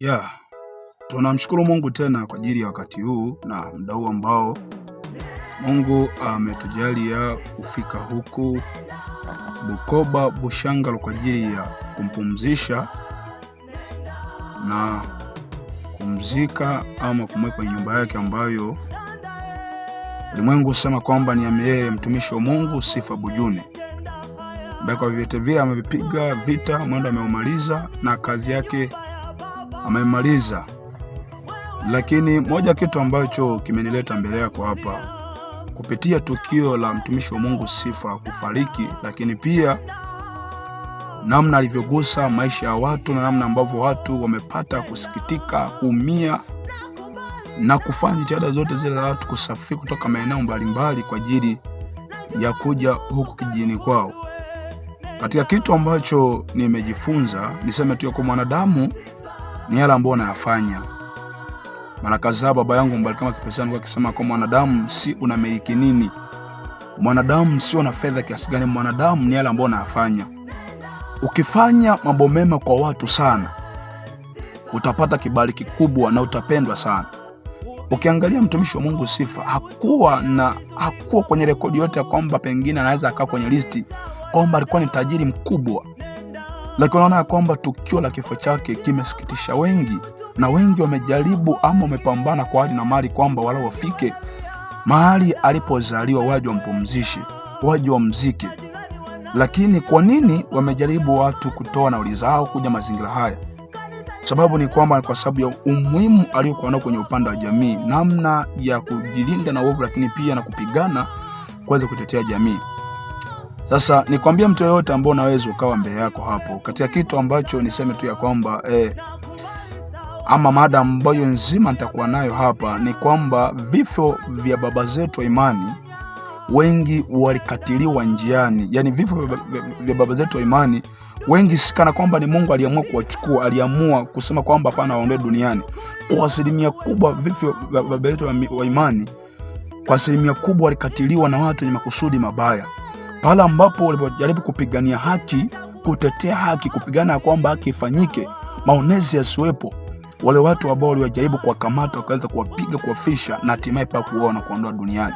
Yeah, tunamshukuru Mungu tena kwa ajili ya wakati huu na muda huu ambao Mungu ametujalia kufika huku Bukoba Bushangalo kwa ajili ya kumpumzisha na kumzika ama kumweka kwenye nyumba yake ambayo ulimwengu husema kwamba ni yeye mtumishi wa Mungu Sifa bujuni ambaye kwa vile amevipiga vita, mwendo ameumaliza na kazi yake amemaliza. Lakini moja kitu ambacho kimenileta mbele yako hapa kupitia tukio la mtumishi wa Mungu Sifa kufariki, lakini pia namna alivyogusa maisha ya watu na namna ambavyo watu wamepata kusikitika, kuumia na kufanya jitihada zote zile za watu kusafiri kutoka maeneo mbalimbali kwa ajili ya kuja huku kijijini kwao. Katika kitu ambacho nimejifunza, niseme tu kwa mwanadamu ni yale ambayo unayafanya. Mara kadhaa baba yangu Mbarikiwa Mapesa alikuwa akisema kwa mwanadamu si unamiliki nini, mwanadamu sio na fedha kiasi gani, mwanadamu ni yale ambayo unayafanya. Ukifanya mambo mema kwa watu sana, utapata kibali kikubwa na utapendwa sana. Ukiangalia mtumishi wa Mungu Sifa hakuwa na hakuwa kwenye rekodi yote ya kwamba pengine anaweza akaa kwenye listi kwamba alikuwa ni tajiri mkubwa lakini wanaona ya kwamba tukio la kifo chake kimesikitisha wengi, na wengi wamejaribu ama wamepambana kwa hali na mali kwamba wala wafike mahali alipozaliwa, waje wampumzishe, waje wamzike. Lakini kwa nini wamejaribu watu kutoa nauli zao kuja mazingira haya? Sababu ni kwamba kwa sababu ya umuhimu aliyokuwa nao kwenye upande wa jamii, namna ya kujilinda na uovu, lakini pia na kupigana kuweza kutetea jamii. Sasa nikwambia mtu yoyote ambao unaweza ukawa mbele yako hapo, katika kitu ambacho niseme tu ya kwamba eh, ama mada ambayo nzima nitakuwa nayo hapa ni kwamba vifo vya baba zetu wa imani wengi walikatiliwa njiani, yaani vifo vya baba zetu wa imani wengi sikana kwamba ni Mungu aliamua kuwachukua, aliamua kusema kwamba hapana, waondoe duniani. Kwa asilimia kubwa vifo vya baba zetu wa imani, kwa asilimia kubwa walikatiliwa na watu wenye makusudi mabaya pale ambapo walipojaribu kupigania haki, kutetea haki, kupigana kwamba haki ifanyike, maonezi yasiwepo, wale watu ambao waliwajaribu kuwakamata wakaweza kuwapiga, kuwafisha na hatimaye pa kuona kuondoa duniani.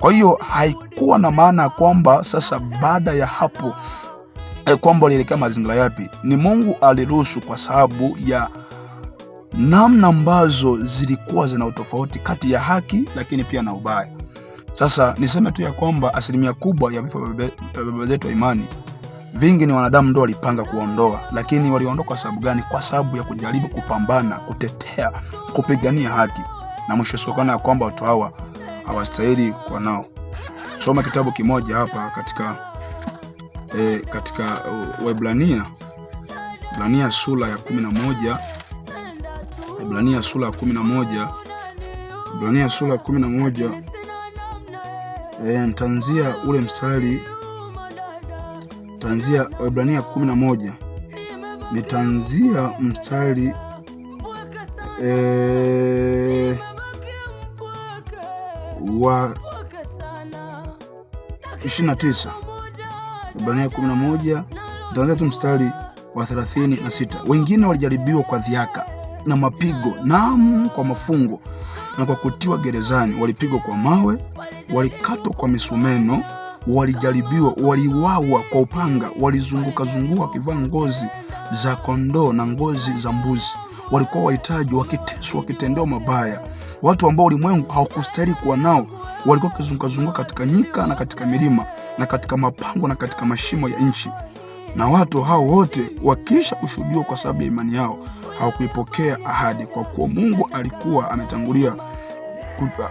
Kwa hiyo haikuwa na maana ya kwamba sasa baada ya hapo eh, kwamba walielekea mazingira yapi. Ni Mungu aliruhusu kwa sababu ya namna ambazo zilikuwa zina utofauti kati ya haki, lakini pia na ubaya. Sasa niseme tu ya kwamba asilimia kubwa ya vifo vya baba zetu wa imani vingi ni wanadamu ndio walipanga kuondoa, lakini waliondoa kwa sababu gani? Kwa sababu ya kujaribu kupambana, kutetea, kupigania haki, na mwisho sikokana ya kwamba watu hawa hawastahili kuwa nao. Soma kitabu kimoja hapa katika e, katika uh, Waebrania, Waebrania sura ya kumi na moja Waebrania sura ya kumi na moja Waebrania sura ya kumi na moja e, nitaanzia ule mstari, tanzia Waebrania kumi na moja nitaanzia mstari e, wa ishirini na tisa Waebrania kumi na moja nitaanzia tu mstari wa thelathini na sita Wengine walijaribiwa kwa dhiaka na mapigo, naam, kwa mafungo na kwa kutiwa gerezani, walipigwa kwa mawe walikatwa kwa misumeno, walijaribiwa, waliwawa kwa upanga, walizunguka zungua wakivaa ngozi za kondoo na ngozi za mbuzi. Walikuwa wahitaji, wakiteswa, wakitendewa mabaya. Watu ambao ulimwengu hawakustahili kuwa nao walikuwa wakizungukazunguka katika nyika na katika milima na katika mapango na katika mashimo ya nchi. Na watu hao wote wakiisha kushuhudiwa kwa sababu ya imani yao hawakuipokea ahadi, kwa kuwa Mungu alikuwa ametangulia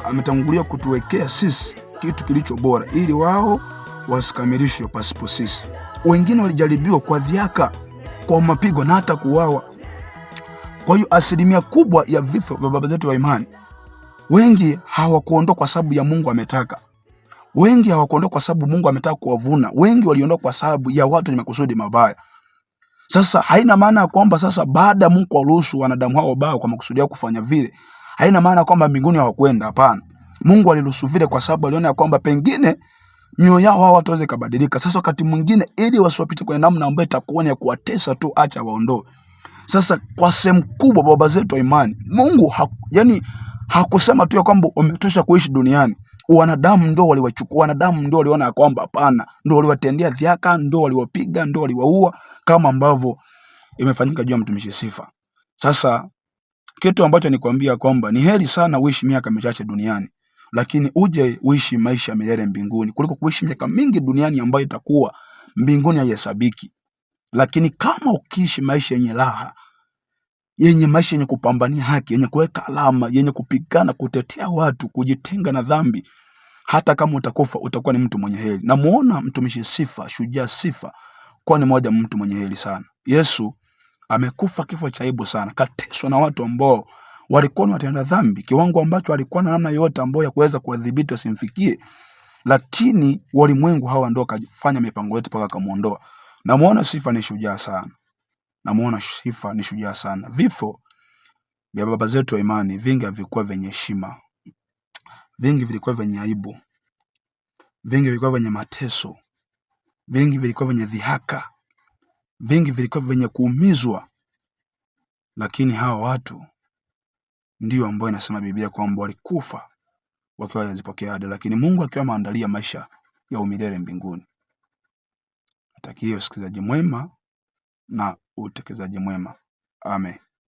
ametangulia kutuwekea sisi kitu kilicho bora ili wao wasikamilishwe pasipo sisi. Wengine walijaribiwa kwa dhiaka, kwa mapigo na hata kuuawa. Kwa hiyo asilimia kubwa ya vifo vya baba zetu wa imani, wengi hawakuondoka kwa sababu ya Mungu ametaka, wengi hawakuondoka kwa sababu Mungu ametaka kuwavuna, wengi waliondoka kwa sababu ya watu wenye makusudi mabaya. Sasa haina maana ya kwamba sasa baada ya Mungu kuwaruhusu wanadamu hao wabaya kwa makusudi yao kufanya vile, Haina maana kwamba mbinguni hawakwenda, hapana. Mungu aliruhusu vile kwa sababu aliona ya kwamba pengine mioyo yao hao wataweza ikabadilika. Sasa wakati mwingine, ili wasiwapite kwenye namna ambayo itakuwa ni ya kuwatesa tu, acha waondoe. Sasa kwa sehemu kubwa, baba zetu wa imani, Mungu ha, yani hakusema tu ya kwamba wametosha kuishi duniani. Wanadamu ndio waliwachukua, wanadamu ndio waliona ya kwamba hapana, ndio waliwatendea dhiaka, ndio waliwapiga, ndio waliwaua, kama ambavyo imefanyika juu ya mtumishi Sifa. Sasa kitu ambacho nikwambia kwamba ni heri sana uishi miaka michache duniani lakini uje uishi maisha milele mbinguni kuliko kuishi miaka mingi duniani ambayo itakuwa mbinguni haihesabiki. Lakini kama ukiishi maisha yenye raha, yenye maisha yenye kupambania haki, yenye kuweka alama, yenye kupigana, kutetea watu, kujitenga na dhambi, hata kama utakufa utakuwa ni mtu mwenye heri. Namuona mtumishi Sifa, shujaa Sifa, kwa ni moja mtu mwenye heri sana. Yesu amekufa kifo cha aibu sana, kateswa na watu ambao walikuwa ni watenda dhambi, kiwango ambacho alikuwa na namna yote ambayo ya kuweza kuwadhibiti wasimfikie, lakini walimwengu hawa ndio kafanya mipango yetu mpaka akamwondoa. Namuona Sifa ni shujaa sana, namuona Sifa ni shujaa sana. Vifo vya baba zetu wa imani vingi havikuwa vyenye heshima, vingi vilikuwa vyenye aibu, vingi vilikuwa vyenye mateso, vingi vilikuwa vyenye dhihaka vingi vilikuwa vyenye kuumizwa, lakini hawa watu ndio ambao inasema Biblia kwamba walikufa wakiwa hawajazipokea ahadi, lakini Mungu akiwa ameandalia maisha ya umilele mbinguni. Natakie usikilizaji mwema na utekelezaji mwema. Amen.